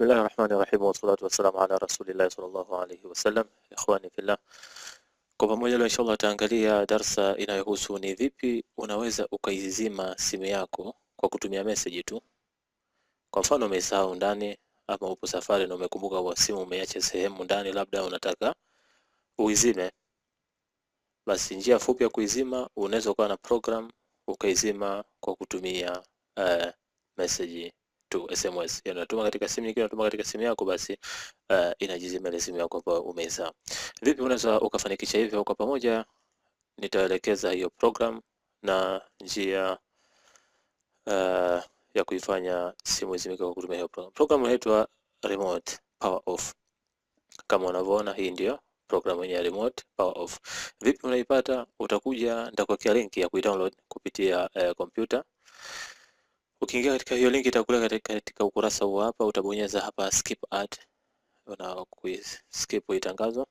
Bismillah والسلام على رسول الله ala rasulillahi عليه وسلم wasallam. في الله kwa pamoja leo inshallah taangalia darsa inayohusu ni vipi unaweza ukaizima simu yako kwa kutumia message tu. Kwa mfano, umesahau ndani ama upo safari na umekumbuka kwa simu umeacha sehemu ndani, labda unataka uizime, basi njia fupi ya kuizima, unaweza ukawa na program ukaizima kwa kutumia uh, message to SMS. Yani unatuma katika simu nyingine, unatuma katika simu yako basi uh, inajizima ile simu yako ambayo umeizaa. Vipi unaweza ukafanikisha hivyo kwa pamoja? Nitaelekeza hiyo program na njia uh, ya kuifanya simu izimike kwa kutumia hiyo program. Program inaitwa remote power off. Kama unavyoona hii ndio programu yenye remote power off. Vipi unaipata? Utakuja, nitakuwekea linki ya kuidownload kupitia kompyuta uh, computer. Ukiingia katika hiyo link itakuletea katika ukurasa huu hapa, utabonyeza hapa skip ad, una skip itangazo,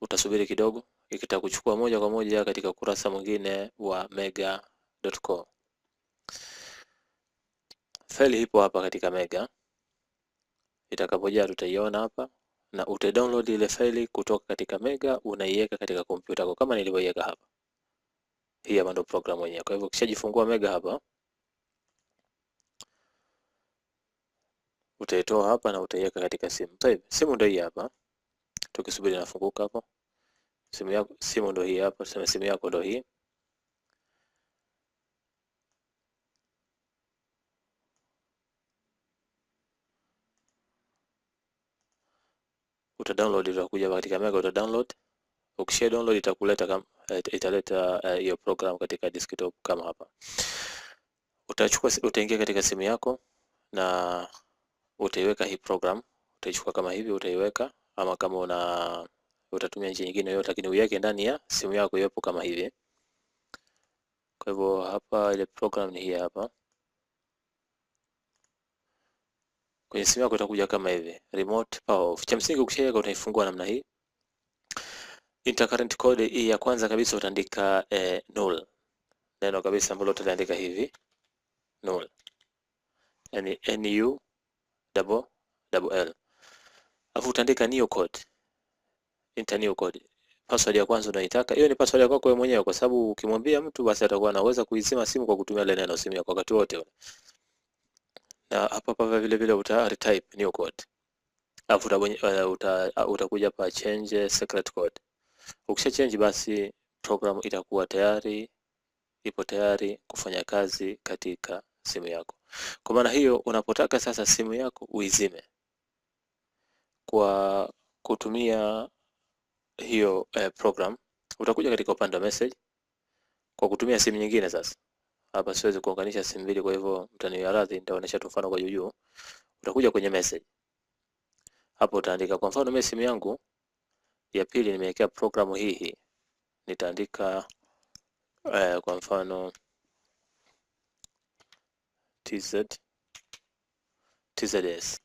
utasubiri kidogo, ikitakuchukua moja kwa moja katika ukurasa mwingine wa mega.co. Faili ipo hapa katika Mega, itakapojaa tutaiona hapa na ute download ile faili kutoka katika Mega, unaiweka katika kompyuta yako kama nilivyoiweka hapa. Hii ndio program yenyewe. Kwa hivyo ukishajifungua Mega hapa utaitoa hapa na utaiweka katika simu. Sasa simu ndio hii hapa, tukisubiri inafunguka hapo. Simu yako simu ndio hii hapa, tuseme simu yako ndio hii. uta download utakuja katika Mega uta download. Ukisha download itakuleta kama italeta eh, hiyo uh, program katika desktop kama hapa. Utachukua utaingia katika simu yako na utaiweka hii program, utaichukua kama hivi utaiweka, ama kama una utatumia njia nyingine yoyote, lakini uiweke ndani ya simu yako iwepo kama hivi. Kwa hivyo hapa ile program ni hii hapa kwenye simu yako itakuja kama hivi remote power off. Cha msingi ukishaweka utaifungua namna hii. Intercurrent code hii ya kwanza kabisa utaandika eh, null, neno kabisa ambalo utaandika hivi null, yani n nu double double l, alafu utaandika new code, enter new code. Password ya kwanza unaitaka hiyo, ni password yako wewe mwenyewe, kwa sababu ukimwambia mtu basi atakuwa anaweza kuizima simu kwa kutumia ile neno simu yako wakati wote Na hapa hapa vile vile uta retype new code, alafu eh, ah, utakuja uta, uta, uta pa change secret code. Ukisha change basi program itakuwa tayari ipo tayari kufanya kazi katika simu yako. Kwa maana hiyo unapotaka sasa simu yako uizime kwa kutumia hiyo eh, program utakuja katika upande wa message kwa kutumia simu nyingine. Sasa hapa siwezi kuunganisha simu mbili, kwa hivyo mtaniaradhi, nitaonesha tu mfano kwa juu juu. Utakuja kwenye message hapo, utaandika kwa mfano, mimi simu yangu ya pili nimewekea programu hii hii, nitaandika eh, kwa mfano tz tzs.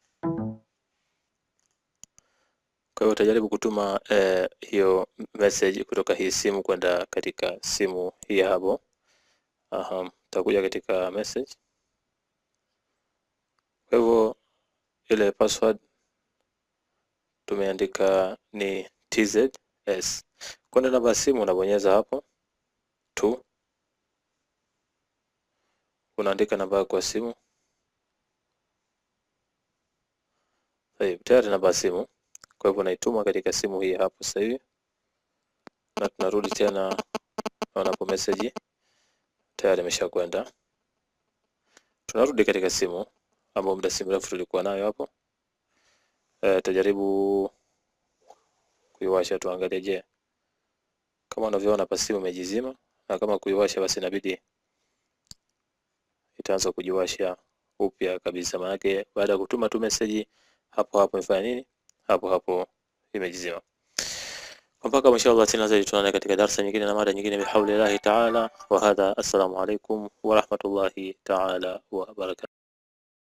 Kwa hiyo utajaribu kutuma eh, hiyo message kutoka hii simu kwenda katika simu hii hapo. Aha, utakuja katika message. Kwa hivyo ile password tumeandika ni tzs. Kwenda namba ya simu unabonyeza hapo. unaandika namba yako ya simu tayari, namba ya simu. Kwa hivyo naituma katika simu hii hapo sasa hivi, na tunarudi tena, naonapo message tayari imeshakwenda. kwenda. Tunarudi katika simu ambayo muda si mrefu tulikuwa nayo hapo. E, eh, tajaribu kuiwasha tuangalie, je, kama unavyoona pasimu imejizima, na kama kuiwasha basi inabidi itaanza kujiwasha upya kabisa, maanake baada ya kutuma tu message hapo hapo imefanya nini, hapo hapo imejizima. Mpaka mwisho Allah tena zaidi, tunaona katika darasa nyingine na mada nyingine, bihaulillahi taala. Wa hadha, assalamu alaikum warahmatullahi taala wabarakatu.